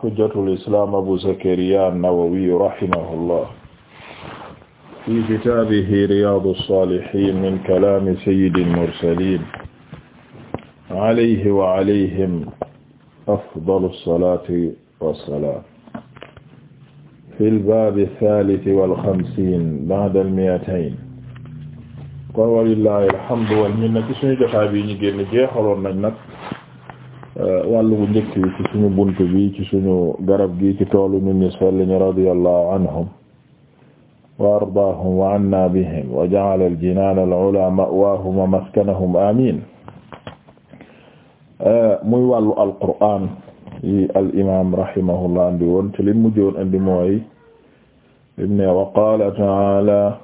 hujjatul islam abu zakariya an-nawawi rahimahullah fi kitaabihi riyaadu saalihiin min kalaami sayyidil mursaliin alayhi wa alayhim afdalu salaati wa salaam fil baabi saalisi wal xamsiin ba'dal mi'atayn kon walillaahi alhamdu wal minna ci suñu jotaay bi ñu génn jeexaloon nañ nag Euh, wàllu bu njëkk bi ci suñu bunt bi ci suñu garab gi ci toolu ñu ni sell ñu radiyallahu anhum wa ardaahum wa anna bihim wa ja'ala al-jinaan al-'ulaa ma'waahum wa maskanahum amiin euh, muy wàllu alqur'aan yi al imaam rahimahullah andi woon te li mujjoon andi mooy lim ne wa qaala ta'aala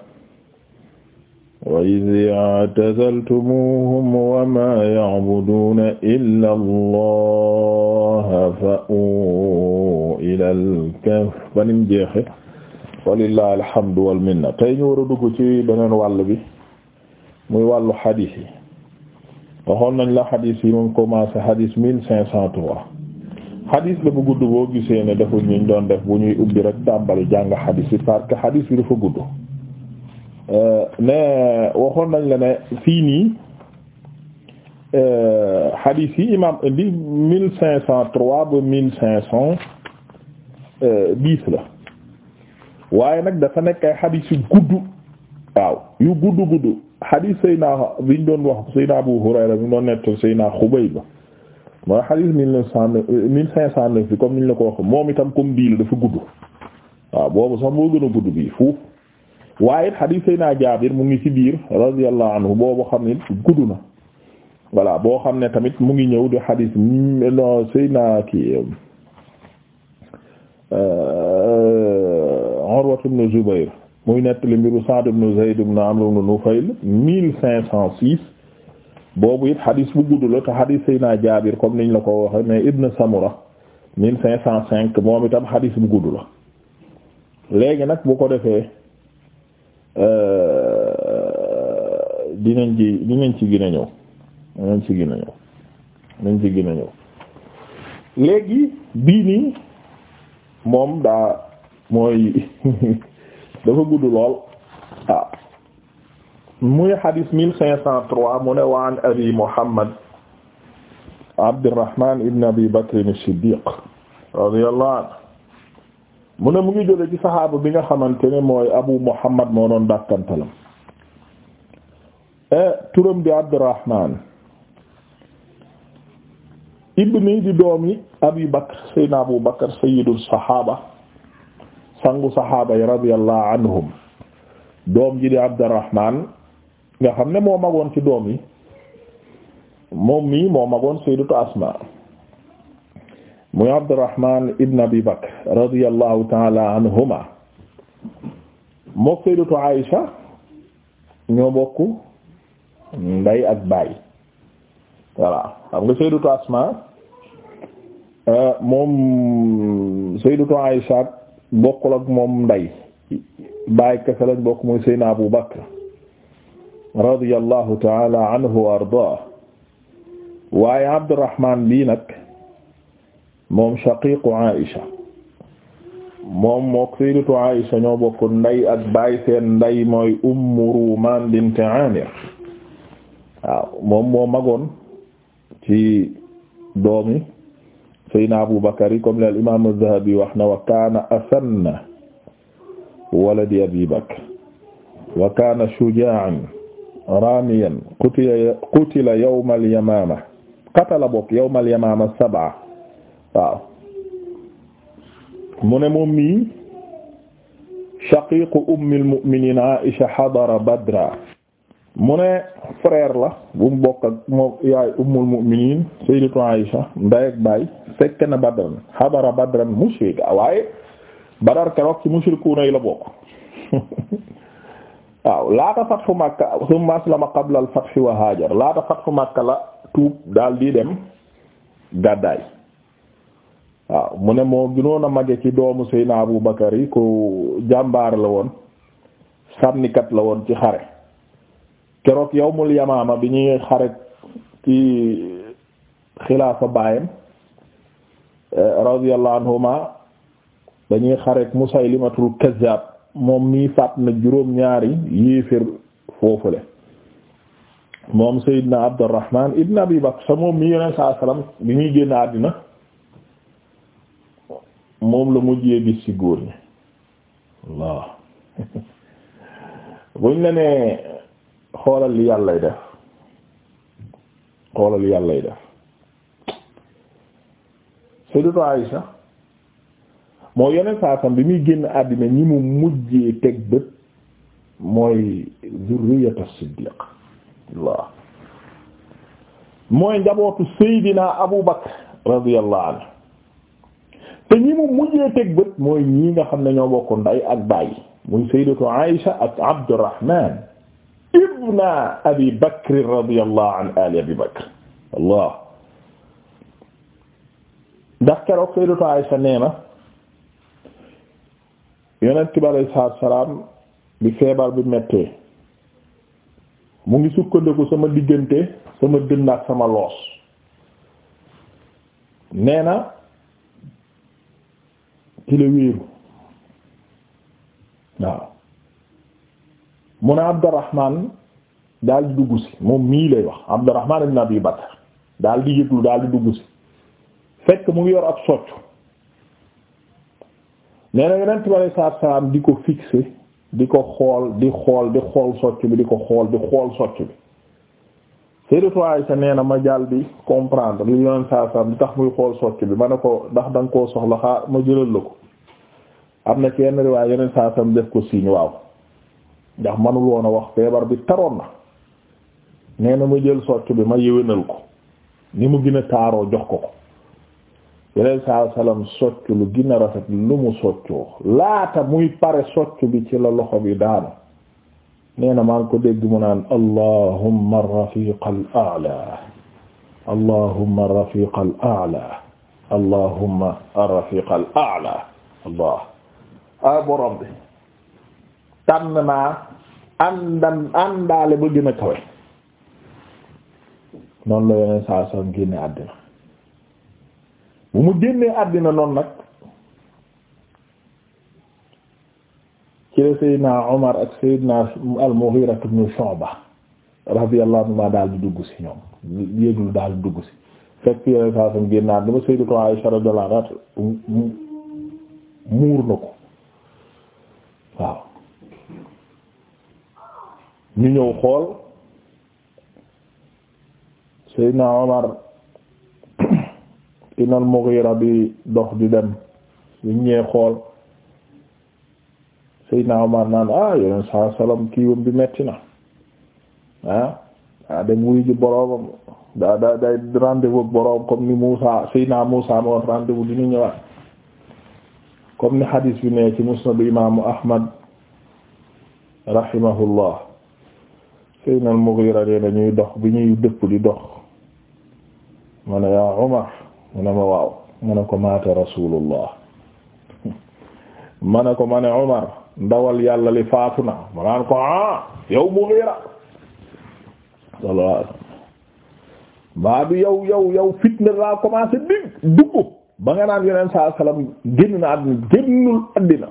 wa iz i'tazaltumuuhum wa maa ya'buduuna illaa Allaha fa'uu ilal kahfi ba nim jeexe walillaahi alhamdu wal minna tey ñu war a dugg ci beneen wàll bi muy wàllu xadiis yi waxoon nañ la xadiis yi moom commencé xadiis mille cinq cent trois xadiis la bu gudd boo gisee ne dafa ñu doon def bu ñuy ubbi rek tàmbali jàng xadiis yi parce que xadiis bi dafa gudd Euh, mais waxoon nañ la ne fii nii euh, hadith yi imam indi mille cinq cent trois ba mille cinq cent dix la waaye nag dafa nekk ay hadith yu gudd waaw yu gudd gudd hadith sayna biñ doon wax sayna Abu Hurayra biñ doon nettal sayna Xubayba mooy hadith mille neuf cent neuf mille cinq cent neuf fi comme niñ la ko wax moom itam comme bii la dafa gudd waaw boobu sax moo gën a gudd bii foofu waaye xadiis Seydina Jaabir mu ngi ci biir radiyallahu anhu boobu xam ne gudd na voilà boo xam ne tamit mu ngi ñëw di xadiis non Seydina ki euh, Urwa ibn Zubayr muy nettali mbiru Sa'd ibn Zayd ibn Amr ibn Nufayl mille cinq cent six boobu it xadiis bu gudd la te xadiis Seydina Jaabir comme niñ la ko waxe mais Ibn Samura mille cinq cent cinq moom itam xadiis bu gudd la léegi nag bu ko defee Euh, dinañ ci dinañ ci gën a ñëw dinañ ci gën a ñëw dinañ ci gën a ñëw léegi bii nii moom daa mooy dafa gudd lool waaw ah. muy xadis mille cinq cent trois mu ne wa an abi muhammad abdirahman ibn abi bakr as-siddiq radiyallahu anhu mu ne mu ngi jële ci saxaaba bi nga xamante ne mooy abu muhammad moo doon dàkkantalam eh, turam di abdurrahman ibni di doomi abi bakr saydna abu bakr sayidul saxaaba sangu saxaaba yi radiallahu anhum doom ji di abdurrahman nga xam ne moo magoon ci doom yi moom mii moo magoon sayyidatu asma muy Abdurrahman ibn Abi Bakr radiyallahu mook Sayyidatu Aïsha ñoo bokk ndey ak baay voilà euh, bokkul ak moom ndey baay kese lañ bokk muy Sayyidina Abu Bakr radiyallahu taala moom shaqiqu Aisha moom mook sayyidatu Aisha ñoo bokk ndey ak baay seen ndey mooy Ummu Rumaan bint Aamir waaw moom moo magoon ci doomi Sayyidina Abu Bakar yi comme le al imaam az wax na wa kaana asanna waladi Abi Bakr wa kaana raamiyan qatala bokk yawma al-yamaama waaw mu ne moom mii shaqiqu ummil mu'minin Aisha hadara Badra mu ne frère la bu mu bokk ak moom yaay ummul mu'minin sayyidatu Aisha baay fekk na Badran hadara Badran mushrika waaye Badar keroog ci mushrikuuna yi la bokk waaw laata fatxu Makka summa la tuub daal di dem gàddaay waaw mu ne moo gënoon a ci doomu Seydina Abu Bakar yi ku jàmbaar la woon sànnikat la woon ci xare keroog yawmul yamaama bi ñuy xare ci xilaafa baayam eh, radiyallahu anhuma dañuy xareek Musaylimatul Kazzab moom mii faat na juróom ñaari yéeféer foofule moom Seydina Abdurrahman ibn Abi Bakr sa moom mii yoneen saa salaam bi ñuy génn àddina moom la mujjee gis ci góor ñi waaw buñ la nee xoolal li yàllay def xoolal li yàllay def Sayyidatu Aïsha moo yeneen saasam bi muy génn àddina ñi mu mujjee teg bët mooy zurriyatu Siddiq waaw mooy njabootu Seydina Abu Bakr radiyallahu anhu te ñi mu mujjee teg bët mooy ñii nga xam ne ñoo bokk nday ak bàyyi muy sayyidatu Aisha ak Abdurrahman ibn Abi Bakr radiyallahu ali Abi Bakr Allah ndax keroog sayyidatu Aisha nee na yonent bi alayhi salaatu salaam bi feebar bi méttee mu ngi sukkandiku sama diggante sama dënn ak sama loos nee na ci la wéeru waaw mu ne Abdurrahman daal di dugg si moom mii lay wax Abdurrahman ibn yu Bakr daal di yëglu daal di dugg si fekk mu ngi yor ak socc nee na yonent bi di ko fixé di ko xool di xool di xool socc bi di ko xool di xool socc bi Sayyidatu Aisha nee na ma jàll bi comprendre li yoon saa saa li tax muy xool socc bi ma ne ko ndax da koo soxla xaar ma jëlal la ko am na ci yenn riwaay yeneen saa saa def ko siiñ waaw ndax manul woon a wax feebar bi taroon na nee na ma jël socc bi ma yéwénal ko ni mu gën a taaroo jox ko ko yeneen saa salaam socc lu gën a rafet lu mu soccoo laata muy pare socc bi ci la loxo bi daanu. nee na maa ngi ko dégg mu naan allahumma ar-rafiqal a'la allahumma ar-rafiqal a'la allahumma ar-rafiqal a'la allah a borom bi tànn naa àndan àndaale ba gën a kawe noonu la yeneen saa sam génne àddina bu mu génnee àddina noonu nag ci la Seydina Omar ak Seydina al-Mughira ibn Shu'ba radiyallahu anhuma daal di dugg si ñoom yéegul daal di dugg si muur na ko waaw ñu ñëw xool Seydina Omar ibn al-Mughira bi dox di dem ñu ñëwee xool Seydina Omar naan ah yeneen saa salaam kiiwam bi metti na ah, ah dem wuyu ji boroomam daa daa day rendez boroom comme ni Moussa Seydina Moussa moo rendez-vous dina ñëwaat comme ni hadis bi ne ci musnadu imaamu Ahmad rahimahullah Seydina al-Mughira nee na ñuy dox bi ñuy dëpp di dox ma yaa Omar mu ma waaw mu ko maata Rasulullah ma ne ko ma ne ndawal yàlla li faatu na mu naan ko ah yow Mughira sallallahu baa du yow yow yow fitna laa commencé dig dugg ba nga naan yeneen saa salaam génn na àddina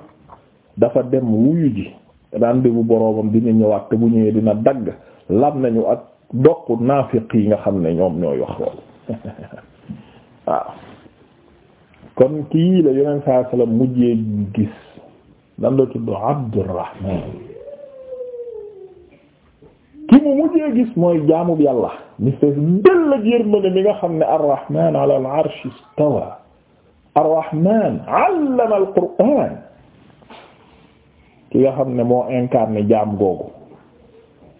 dafa dem wuyu ji rendez-vous boroomam dina ñëwaat te bu ñëwee dina dagg lam nañu ak dokk naafiq yi nga xam ne ñoom ñooy wax waaw kon kii la yeneen saa salaam mujjee gis nan la tudd Abdurrahman ki mu mujjee gis mooy jaamub yàlla mi fees dell ak yërmande mi nga xam ne Arrahman ala al al-Qur'an ki nga xam ne moo incarné jaam googu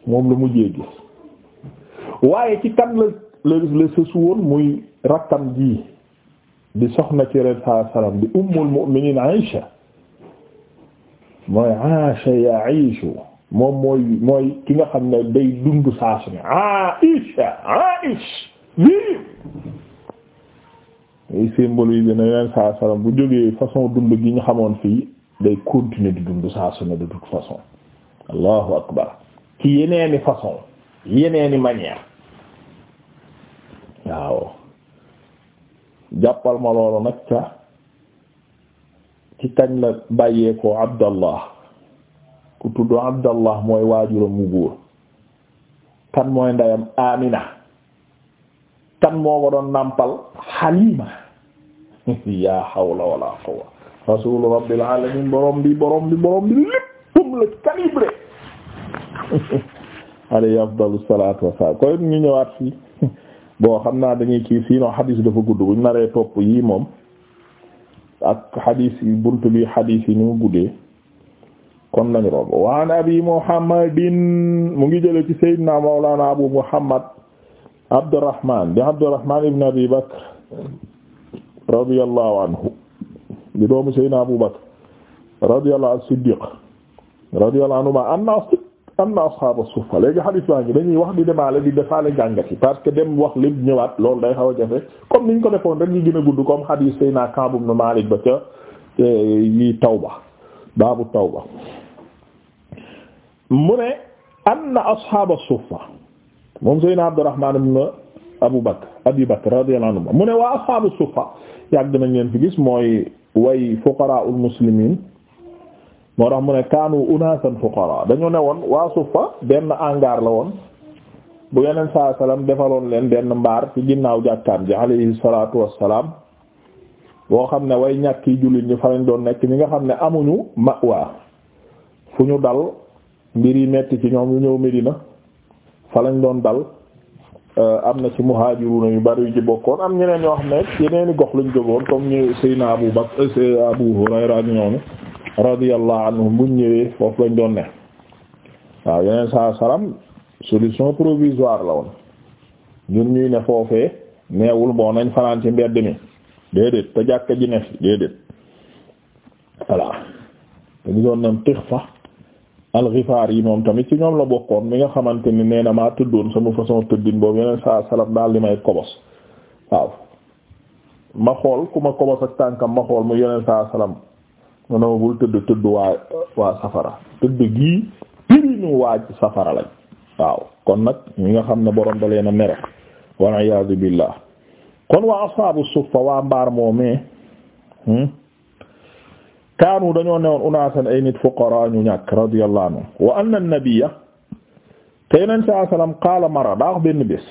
moom la mujjee gis waaye ci kan la la sësu woon muy rakkam ji di soxna ci ren saa salaam di ummul mu'minin Aïcha mooy aasha yaishu moom mooy mooy ki nga xam ne day dund saa su ne vive ay symbole yi bina saa sallam bu jógee façon dund gi ñu xamoon fii day continuer di dund saa su ne de toute façon allahu akbar ci yeneeni façon yeneeni manière waaw jàppal ma loolu nag ca ci kañ la bàyyeekoo abdallah ku tudd abdallah mooy waajuram mu góor kan mooy ndeyam amina kan moo ko doon nàmpal halima yaa hawla wala quwwa rasul rabbil alamin borom bi borom bi borom bi léppam la calibré alayhi afdalu salatu wassalam koy ñu ñëwaat fii boo xam naa dañuy kii sinon hadis dafa gudd buñ naree topp yi moom ak xadiis yi bunt bi xadiis yi ni mu guddee kon lañu rob waan abi muhammadin mu ngi jële ci sayyidina mawlana abu muhammad abdurrahman di abdurrahman ibn abi bakr radiyallahu anhu di doomu sayyidina abu bakr radiyallahu as-siddiq radiyallahu anhu ma anna amma ashaaba suffa léegi xadis baa ngi dañuy wax di demaale di defaale jàngat yi parce que dem wax lépp ñëwaat loolu day xaw a jafe comme niñ ko defoon rek ñu gën a gudd comme xadis Seydina Kaab ibn Maalik ba ca e, yi tawba baabu tawba mu ne anna ashaaba suffa moom Seydina Abdurrahmaan ibn Abu Bakr Abi Bakr radiyallahu anhu mu ne waa ashaabu suffa yàgg nañ leen fi gis mooy way fuqaraa'ul muslimiin moo tax mu ne kaanu unaasan fuqara dañu ne woon waa suffa benn angaar la woon bu yeneen saa salaam defaloon leen benn mbaar ci ginnaaw jàkkaan ji alayhi salaatu wassalaam boo xam ne way ñàkk yi jullit ñi fa lañ doon nekk ñi nga xam ne amuñu ma'wa fu ñu dal mbir yi metti ci ñoom yu ñëw Medina fa lañ doon dal euh, am na ci muhajiruna yu bari yu ci bokkoon am ñeneen yoo xam ne yeneeni gox lañ jógoon comme ñu Seydina Abu Bakr euh, Abu Hurayra ñoom radiyallahu anhum buñ ñëwee foofu lañ doon ne waaw yeneen saa salaam solution provisoire la woon ñun ñuy ne foofee neewul bon nañ fanaan ci mbedd mi déedéet te jàkka ji ne fi déedéet voilà te gisoon nañ tix fa alxifaar yi moom tamit ci ñoom la bokkoon mi nga xamante ni nee na maa tëddoon sama façon tëddin boobu yeneen saa salaam daal di may kobos waaw ma xool ku ma kobos ak tànkam ma xool mu yeneen saa salaam mën a bul tëdd tëdd waa waa safara tëdd gii pirinu waa safara lañ waaw kon nag ñi nga xam ne borom da leen a mere wal iyaadu waa ashaabu suffa waa mbaar moomee hmm? kaanu dañoo newoon unaasan ay nit fuqaraa ñu ñàkk radiyallahu anhu wa anna an-nabiyya te yeneen saa qaala mara daa wax benn bés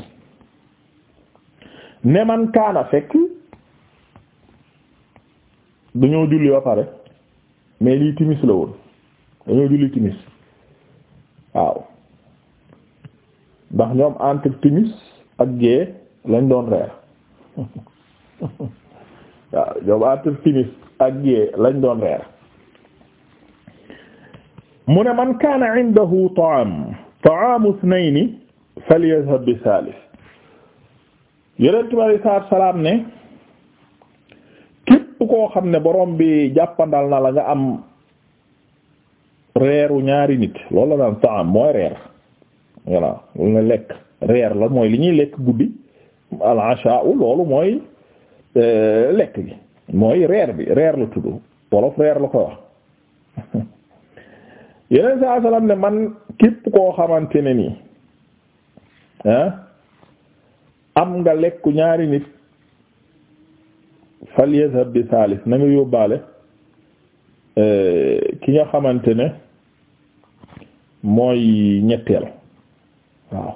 ne man kaana fekk du julli ba pare mais lii timis la woon dañoo julli timis waaw ndax ñoom entre ak g lañ doon reer waaw ñoom entre ak g lañ doon reer mu ne man kaana indahu ta'am ta'amu ithnayni falyadhhab bi thalith yonent bi alayhi salaam ne képp koo xam ne borom bi jàppandal na la nga am reeru ñaari nit loolu la naan taam mooy reer voilà lu ne lekk reer la mooy li ñuy lekk guddi al asha loolu mooy euh, lekk bi mooy reer bi reer la tudd wolof reer la ko wax yeneen saa salaam ne man képp koo xamante ne nii ah, am nga lekku ñaari nit fal yadhhab bi saalis na nga yóbbaale e, ki nga xamante ne mooy ñetteel waaw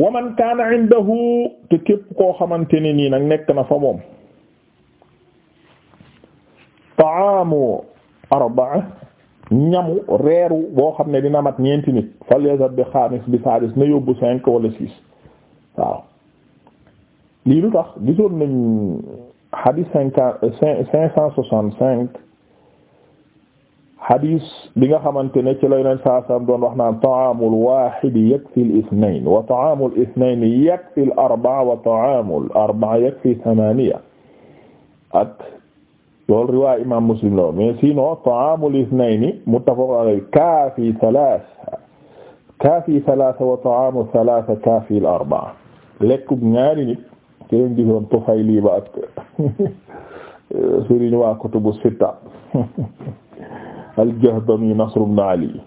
wa man kaana indahu te képp koo xamante ne nii nag nekk na fa moom taamu arbaa ñamu reeru boo xam ne dina mat ñeenti nit fal yadhhab bi xaamis bi saalis na yóbbu cinq wala six waaw lii lu tax gisoon nañ xadis cinq cinq cent soixante cinq xadis bi nga xamante ne ci lay neen wax naan ta'aamul wa ta'aamul isnayn yakfil arba'a wa ta'aamul arba'a yakfi thamaaniya ak loolu riwaay imaam Muslim la mais sinon ta'aamul isnayn muttafaq alayhi kaafi thalaatha kaafi thalaatha wa ta'aamu thalaatha kaafi al arba'a keen gisoon Tufayli ba ak sëriñ waa kutubu sitta al-Jahdami Ali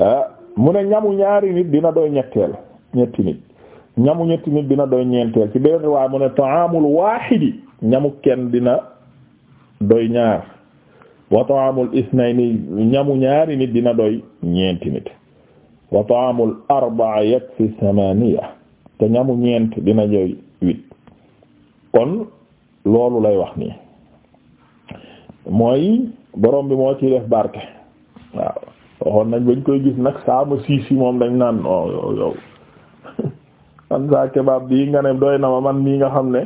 ah mu ne ñamu ñaari nit dina doy ñetteel ñetti nit ñamu ñetti nit dina doy ñeenteel ci beneen riwaaya mu ne ta'aamul waahidi ñamu kenn dina doy ñaar wa ta'aamul isnayni ñamu ñaari nit dina doy ñeenti nit wa ta'aamul arba'a yakfi samaaniya te ñamu ñeent dina doy kon loolu lay wax nii mooy borom bi moo ci def barke waaw waxoon nag bañ koy gis nag saama siis yi moom dañ naan o oh, yow yow man saa kebaab bii nga ne doy na ma man mii nga xam ne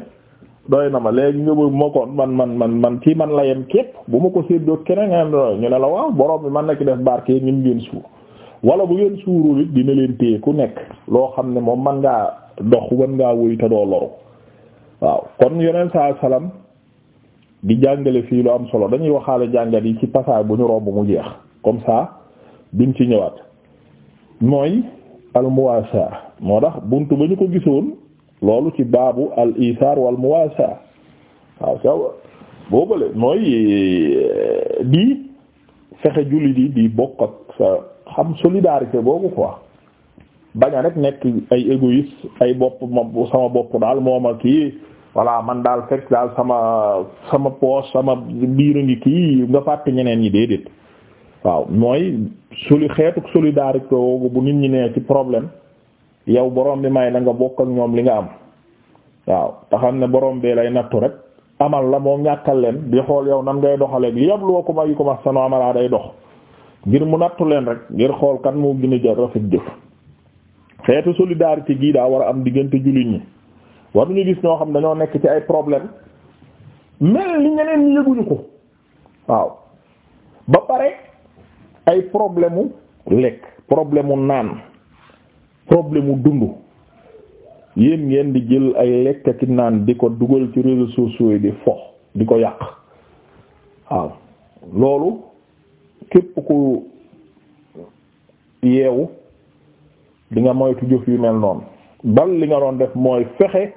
doy na ma léegi nga bëgg ma ko man man man man ci man la yem képp bu ma ko séddoo keneen nga ne ñu ne la waaw borom bi man na ci def barke ñun ngeen suur wala bu ngeen suurul it dina leen téye ku nekk loo xam ne moom man ngaa dox wan ngaa wéy te doo loru waaw kon yeneen saa salaam di jàngale fii lu am solo dañuy waxaale jàngat yi ci passage bu ñu romb mu jeex comme sa duñ ci ñëwaat mooy al moo tax bunt ba ñu ko gisoon loolu ci baabu al isaar wal muwaasa waaw saw boobale mooy euh, di fexe jullit yi di bokk sa xam solidarité boobu quoi bañ a rek nekk ay égoïste ay bopp ma sama bopp daal moom ak kii voilà man daal fekk daal sama sama poos sama biir a ngi kii nga fàtte ñeneen ñi déedéet waaw mooy soli xeetuk solidarité boobu bu nit ñi nee ci problème yow borom bi may na nga bokk ak ñoom li nga am waaw taxam ne borom bee lay nattu rek amal la moo ñàkkal leen di xool yow nan ngay doxaleeg li yab loo ko ma yu ko ma sano amalaa day dox ngir mu nattu leen rek ngir xool kan moo gën a jël rafet jëf xeetu solidarité gii daa war a am diggante jullit ñi waruñu gis ñoo xam dañoo nekk ci ay problème mel ni ñeneen ñi yëguñu ko waaw ba pare ay problème lekk problème mu naan problème mu dund yéen ngeen di jël ay lekk ak naan di ko dugal ci réseaux sociaux yi di fo di ko yàq waaw loolu képp ku yeewu di nga moytu jëf yu mel noonu bal li nga doon def mooy fexe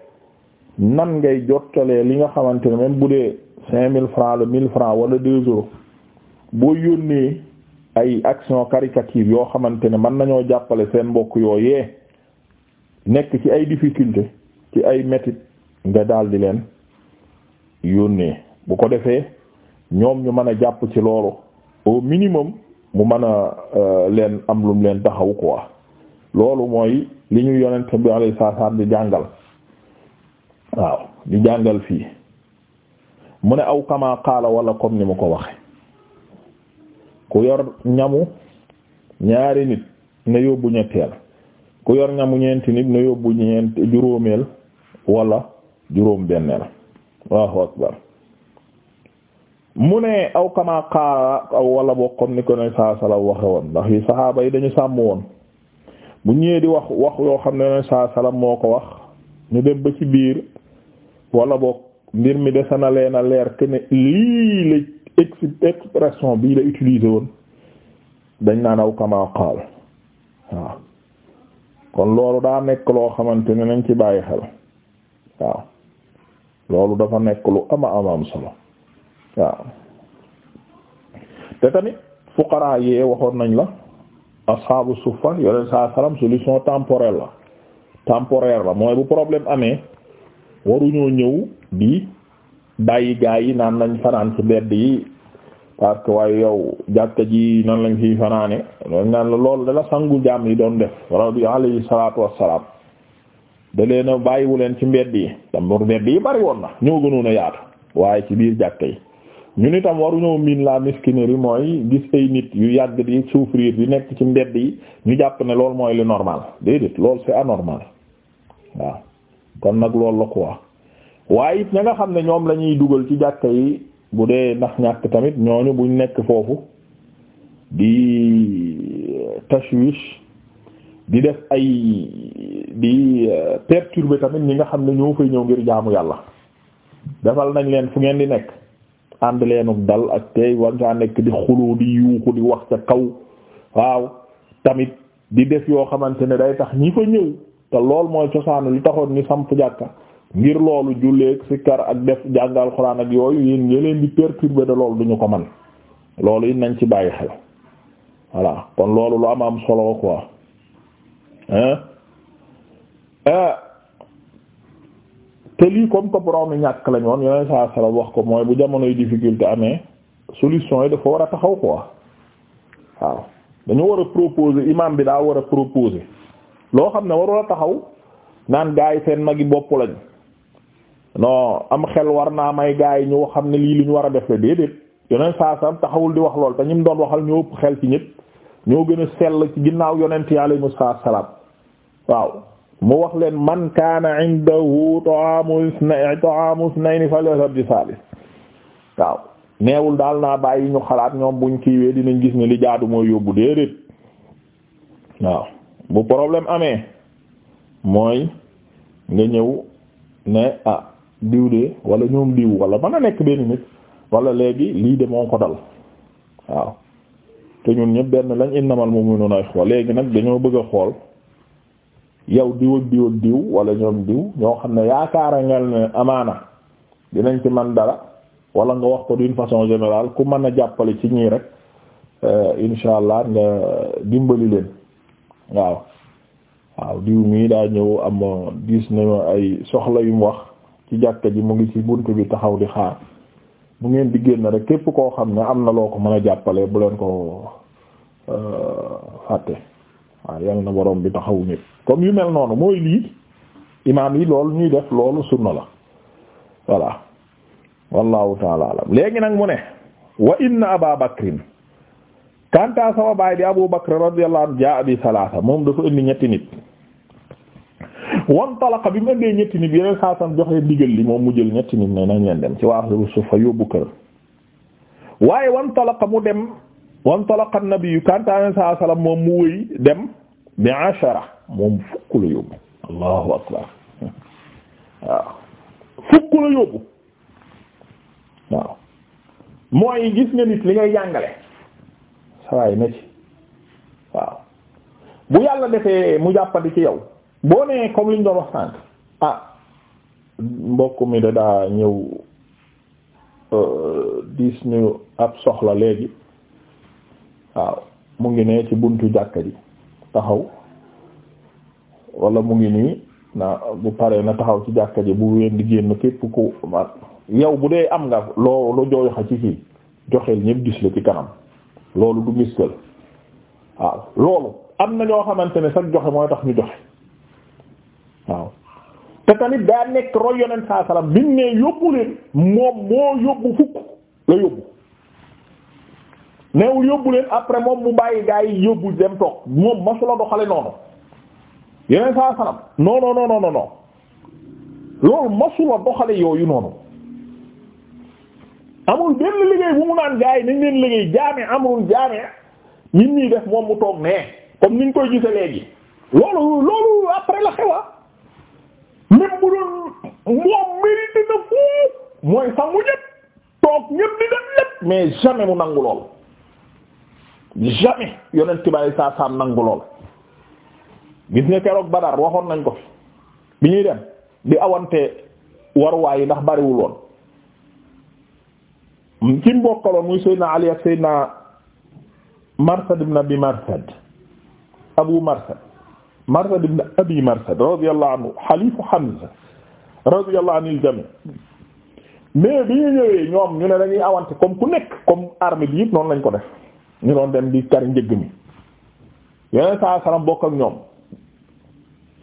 nan ngay jottalee li nga xamante ne bu dee cinq mille francs le mille francs wala deux euros boo yónnee ay action caritative yoo xamante ne mën nañoo jàppale seen mbokk yooyee nekk ci ay difficulté ci ay métit nga daldi leen yónnee bu ko defee ñoom ñu mën a jàpp ci loolu au minimum mu mën a euh, leen am lum leen taxaw quoi loolu mooy li ñu yonent bi alayhi salaam di jàngal waaw di jàngal fii mu ne aw kama qaala wala comme ni mu ko waxe ku yor ñamu ñaari nit na yóbbu ñetteel ku yor ñamu ñeenti nit na yóbbu ñeent juróomeel wala juróom benneel Allahu mu ne aw kama qaala aw wala boo comme ni ko ne saa waxe woon ndax yi saxaaba yi dañu sàmm woon bu ñëwee di wax wax yoo xam ne ne saa moo ko wax ñu dem ba ci biir wala boog mbir mi dese na leen leer que ne lii la expression bii la utiliser woon dañ naan aw kama waaw kon loolu daa nekk loo xamante ne nañ ci bàyyi xel waaw loolu dafa nekk lu ama ama am solo waaw te tamit fuqaraa yee waxoon nañ la ashaabu suffa yooyu saa salaam solution temporaire la temporaire la mooy bu problème amee waruñoo ñëw di bàyyi gaa yi naan lañ fanaan ci mbedd yi parce que waaye yow jàkka ji nan lañ fiy fanaane dañ naan la sangu jaam yi doon def rabbi alayhi salaatu wassalaam da leena bàyyiwu leen ci mbedd yi damor mbedd yi bari na ñoo gënoon a yaatu waaye ci biir jàkka yi ñu ni tam waruñoo miin la miskinerie mooy gis ay nit yu yàgg di souffrir di nekk ci mbedd yi ñu jàpp ne lool mooy li normal déedéet loolu c'est anormal waaw kon nag loolu la quoi waaye it ña nga xam ne ñoom lañuy dugal ci jàkka yi bu dee ndax ñàkk tamit ñooñu buñ nekk foofu di euh, tashwish di def ay di euh, perturber tamit ñi nga xam ne ñoo fay ñëw ngir jaamu yàlla defal nañ leen fu ngeen di nekk ànd leenug dal ak tey war nekk di xuloo di yuuxu di wax ca kaw waaw tamit di def yoo xamante ne day tax ñi fa ñëw te lool mooy cosaanu li taxoon ni samp jàkka ngir loolu julleeg sikkar ak def jàngal xuraan ak yooyu yéen leen di perturber de loolu duñu ko man loolu it nañ ci bàyyi xel voilà kon loolu lu am am solo quoi hein euh, te lii comme que borom ñàkk lañ woon yeneen saa sala wax ko mooy bu jamonoy difficulté amee solution yi dafa war a taxaw quoi waaw dañu war a proposer imam bi daa war a proposer loo xam ne warul taxaw naan gaa yi seen magi bopp lañ non am xel war naa may gaa yi ñu xam ne lii lu war a def la déedéet yeneen saa sam taxawul di wax lool te ñi doon waxal ñoo ëpp xel ci ñëpp ñoo gën a sell ci ginnaaw yonent yi alayhimu salaam waaw mu wax leen man kaana indahu ta'amu isnayni ta'amu isnayni falyadhhab bi salis waaw neewul daal naa bàyyi ñu xalaat ñoom buñ kiiwee dinañ gis ne li jaadu mooy yóbbu déedéet waaw bu problème amee mooy nga ñëw ne ah diw de wala ñoom diw wala mën a nekk benn nit wala léegi lii de moo ko dal waaw te ñun ñëpp benn lañ innamal mu'minuna ikhwa léegi nag dañoo bëgg a xool yow diw ak diw ak wala ñoom diw ñoo xam ne yaakaara ngel ne amaana dinañ ci man dara wala nga wax ko d'une façon générale ku mën a jàppale ci ñii rek euh, incha nga dimbali leen. waaw waaw diw mii daa ñëw am diis na ay soxla yu mu wax ci jàkka ji mu ngi ci bunt bi taxaw di xaar mu ngeen di génn rek képp koo xam ne am na loo ko mën a jàppale bu leen ko euh, fàtte waaw yal na borom bi taxawu nit comme yu mel noonu mooy lii imaam yi loolu ñuy def loolu sunna la voilà wallahu taala alam léegi nag mu ne wa inna aba kanta sama baay di Abu Bakr radiyallahu anhu jaa bi salaasa moom dafa indi ñetti nit wan talaka bi mu indee ñetti nit yeneen saa moom mu jël ñetti nit ne nañ dem ci waa sufa yóbbu kër waaye wan talaka mu dem wan talaka nabiyu kanta yeneen saa salaam moom mu wëy dem bi ashara moom fukk fukk la yóbbu waaw mooy gis nga nit li ngay jàngale sawaay na ci waaw bu yàlla defee mu jàppandi ci yow boo nee comme liñ doon wax sànq ah mbokk mi da daa ñëw euh, diis ñu ab soxla léegi waaw mu ngi ne ci buntu jàkka ji taxaw wala mu ngi nii na bu paree na taxaw ci jàkka ji bu ween di génn képp ku yow bu dee am nga loo lu jooy xa ci kii joxeel ñépp gis la ci kanam loolu du miskal waaw loolu am na ñoo xamante ne sax joxe mooy tax ñu joxe waaw te tamit daa nekk roy yonent saa salaam bi mu ne moom moo yóbbu fukk la yóbbu neewul yóbbu après moom mu bàyyi gaa yi yóbbu dem toog moom masula doxale noonu yeneen saa salaam non non non non loolu masula doxale yooyu noonu amul benn liggéey bu mu naan gars yi nañ leen liggéey jaami amrun jaami ñun ñuy def moom mu toog nee comme niñ koy gise léegi loolu loolu après la xewa ah. même bu doon moom mérité na foof mooy sangu ñëpp toog ñëpp di def lépp mais jamais mu nangu lool jamais yonent tibali saa saam nangu lool gis nga keroog Badar waxoon nañ ko bi ñuy dem di awante waruwaay yi ndax bariwul woon ci mbokkaloon muy Seydina Ali ak Seydina Marsad ibn Abi Marsad Abu Marsad Marsad ibn Abi Marsad radiyallahu anhu xalifu Hamza radiyallahu anil jami mais bi ñu ñëwee ñoom ñu ne dañuy awante comme ku nekk comme armée bi yëpp noonu lañ ko def ñu doon dem di kari njëgg mi yeneen saa salaam bokk ak ñoom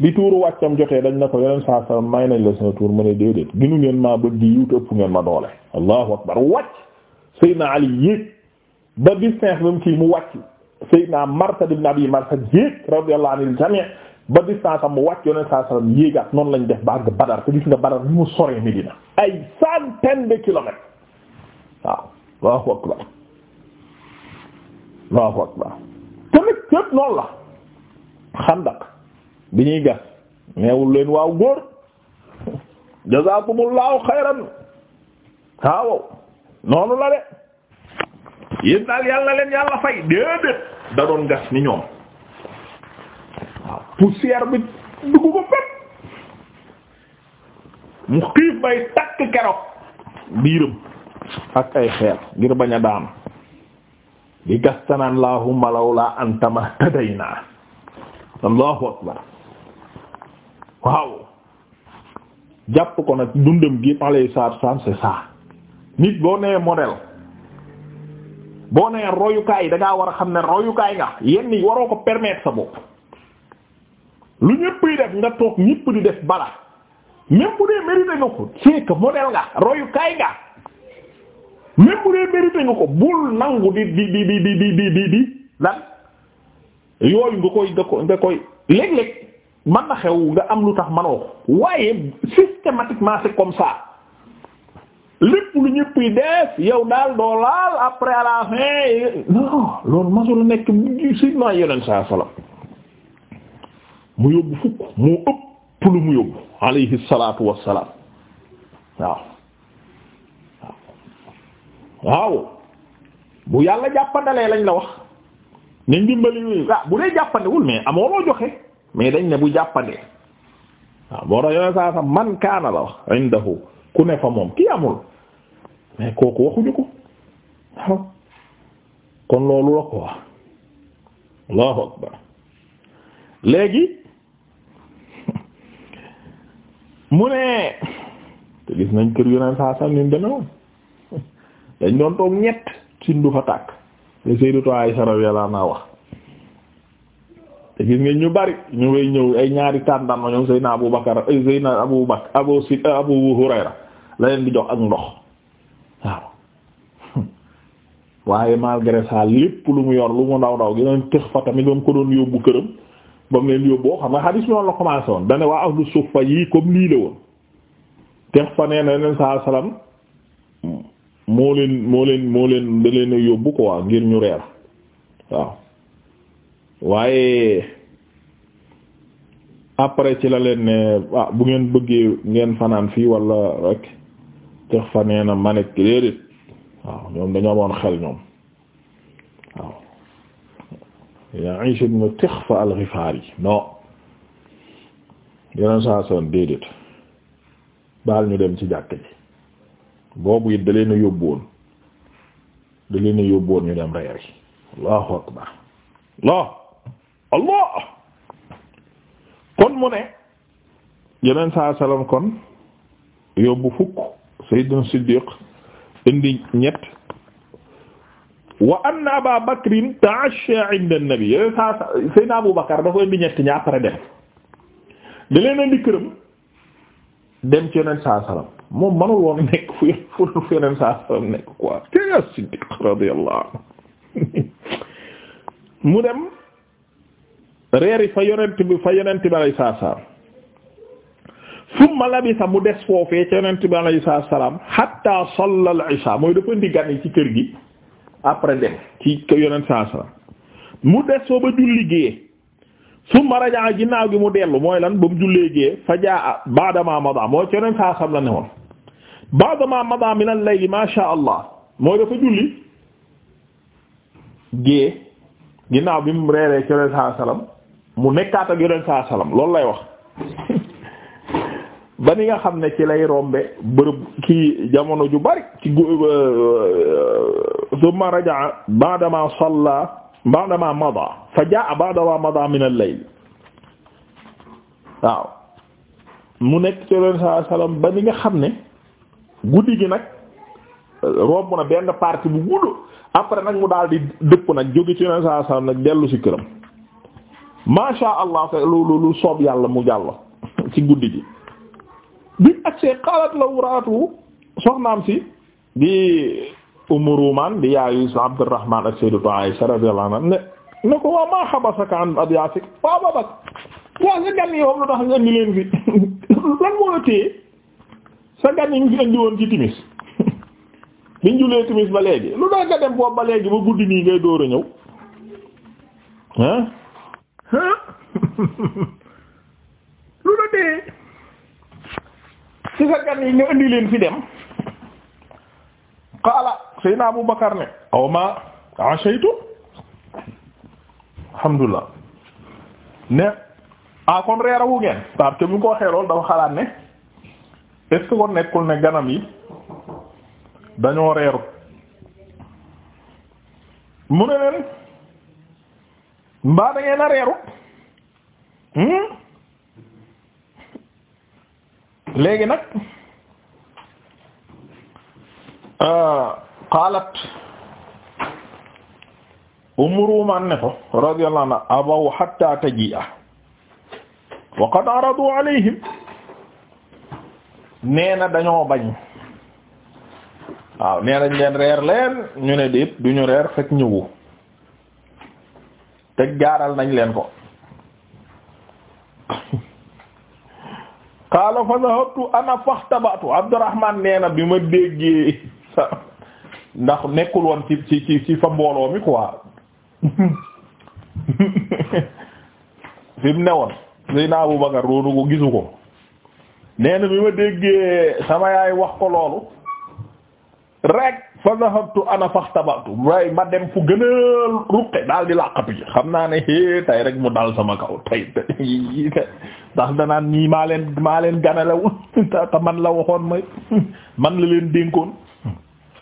bi tuuru wàccam jotee dañ ne ko yeneen saa saa may nañ la sa tuur mu ne déedéet ginu ngeen maa bëgg yiw te ëpp ngeen ma doole allahu akbar wàcc Seydina Ali yéeg ba distance ba mu kii mu wàcc Seydina Marsad ibn Marsad yéeg radiyallahu anil jami' ba distance am mu wàcc yeneen saa saa yéegaat noonu lañ def ba àgg Badar te gis nga Badar ni mu soree Medina ay centaine de kilomètres waaw allahu akbar allahu akbar tamit yépp noonu la Xandaq bi ñuy gas neewul leen waaw góor jazakumullahu xayran waaw noonu la de yéen daal leen yàlla fay déedéet da gas ni ñoom waaw poussière bi dugg mu xiif bay takk keroog biiram ak ay xeer ngir bañ a daan di gas tanaan allahumma lawla anta mahtadayna allahu akbar waaw jàpp ko nag dundam gi alayhi salaatu wasallam c'est ça nit boo nee modèle boo nee royukaay da ngaa war a xam ne royukaay nga yenn waroo ko permettre sa bopp lu ñëpp yi def nga toog ñëpp di def bala même bu dee mérité nga ko c'est que modèle nga royukaay nga même bu dee mérité nga ko bul nangu di di di di di di di yooyu nga koy nga koy nga koy man na xew nga am lu tax manoo ko waaye systématiquement c'est comme ça lépp lu ñëpp yi def yow daal doo laal après à la fin non loolu masul nekk sidna yeneen saa salaam mu yóbbu fukk moo ëpp lu mu yóbbu alayhi salaatu wassalaam waaw waaw bu yàlla jàppandalee lañ la wax nañ dimbali ah bu dee jàppandewul mais amoo loo joxe mais dañ ne bu jàppandee waaw boo tax yooyu saa sa man kaana la wax indahu ku ne fa moom kii amul mais kooku waxuñu ko waaw kon loolu la ko wax allahu akbar léegi mu ne te gis nañ kër yoneen saa sa ni deme moom dañ doon toog ñett sindu fa tàkk le Sayyidatu Aisha radiyallahu anha wax te gis ngeen ñu bari ñu ngay ñëw ay ñaari tàndarma ñoom Seydina Abu Bakar Abu Bakar Abu la leen di jox ak ndox waaw waaye malgré ça lépp lu mu yor lu mu ndaw ndaw gi doon tëx fa tamit ba mu ko doon yóbbu këram ba mu leen yóbboo xam nga xadis bi la commencé woon dane waa ahlu suffa yi comme lii la woon tex fa nee leen saa salaam moo leen moo leen moo leen da leen a yóbbu quoi ngir ñu reer waaw waaye après ci la leen ne ah bu ngeen bëggee ngeen fanaan fii wala rekk ca fa nee na ma nekk déedéet waaw ñoom dañoo amoon xel ñoom waaw Ya'ish ibn Tikhfa al-Ghifari non yeneen saa son déedéet baal ñu dem ci jàkk ji boobu it da leen a yóbbuwoon da leen a yóbbuwoon ñu dem reer yi Allahu akbar Allah allah kon mu ne yeneen saa salaam kon yóbbu fukk sayyidina siddiq indi ñett wa anna aba bakrin ta'asha 'inda an-nabi yeneen saa abu bakar dafa indi ñett ñaa dem da leen indi këram dem ci saa salaam moom manul woon nekk fu fu saa salaam nekk quoi te siddiq radiyallahu anhu mu dem reeri fa yonent bi fa yonent bi alayhi salaam summa labisa mu des foofee ca yonent bi alayhi salaam hatta salla al-isha mooy dafa indi gan ci kër gi après dem ci yonent salaam mu des foo ba julli gée summa rajaa ginnaaw gi mu dellu mooy lan ba mu jullee gée fa jaa ba'da ma madaa mooy ca yonent salaam la ne woon ba'da ma madaa min al-layl ma sha Allah mooy dafa julli gée ginnaaw bi mu reeree ca yonent salaam mu nekkaat ak yonent saa salaam loolu lay wax ba ni nga xam ne ci lay rombe bërëb kii jamono ju bari ci gu euh, euh, thumma rajaa ba'dama salla ba'dama mada fa jaa ba'dama mada min al-layl waaw mu nekk ci yonent saa salaam ba ni nga xam ne guddi gi nag euh, romb na benn partie bu gudd après nag mu daal di dëpp nag jóge ci yonent saa salaam nag dellu ci këram masha allah lu lu soob yàlla mu jàll ci guddi gi bi agsee xaalat la wuraatu soxnaam si di Ummu Ruumaan di yaayu Abdurrahmaan ak Sayyidatu Aysa radiyallahu anha ne ne ko waa maa habasaka an adyaasik waa babak waa sa gan yi moom lu tax nga indi leen fi lan moo la sa gan yi ngi fi woon ci timis biñ julee timis ba léegi lu tax nga dem boobu ba léegi ba guddi nii ngay dóor a ñëw lu la dee ci sa gan yi nga indi leen fi dem qaala sayna Abu Bakar ne aw ma ashaytu alhamdulillah ne a ah, kon reerawu ngeen parce que bu ko waxee lool dafa xalaat ne est-ce que nekkul ne ganam yi dañoo reeru mu ne leen mbaa da ngeen a reeru hmm? léegi nag euh, qaalat Ummu Ruumaan ne ko radiyallahu anha abaw hatta taji'a wa qad aradu alayhim nee na dañoo bañ waaw nee nañ leen reer leen ñu ne déet duñu reer fekk ñëwu te gaaral nañ leen ko qaala fa dhahabtu ana faxtabatu Abdurrahman nee na bi ma déggee ndax nekkul woon ci ci ci fa mbooloo mi quoi fi mu ne woon Seydina Abu Bakar roonu ko gisu ko nee na bi ma déggee sama yaay wax ko loolu rek fa dhahabtu ana faxtabatu waaye ma dem fu gën a ruqe daal di làqatu xam naa ne é tay rek mu daal sama kaw tay ndax danaan ñii maa leen maa leen ganale woon te man la waxoon may man la leen dénkoon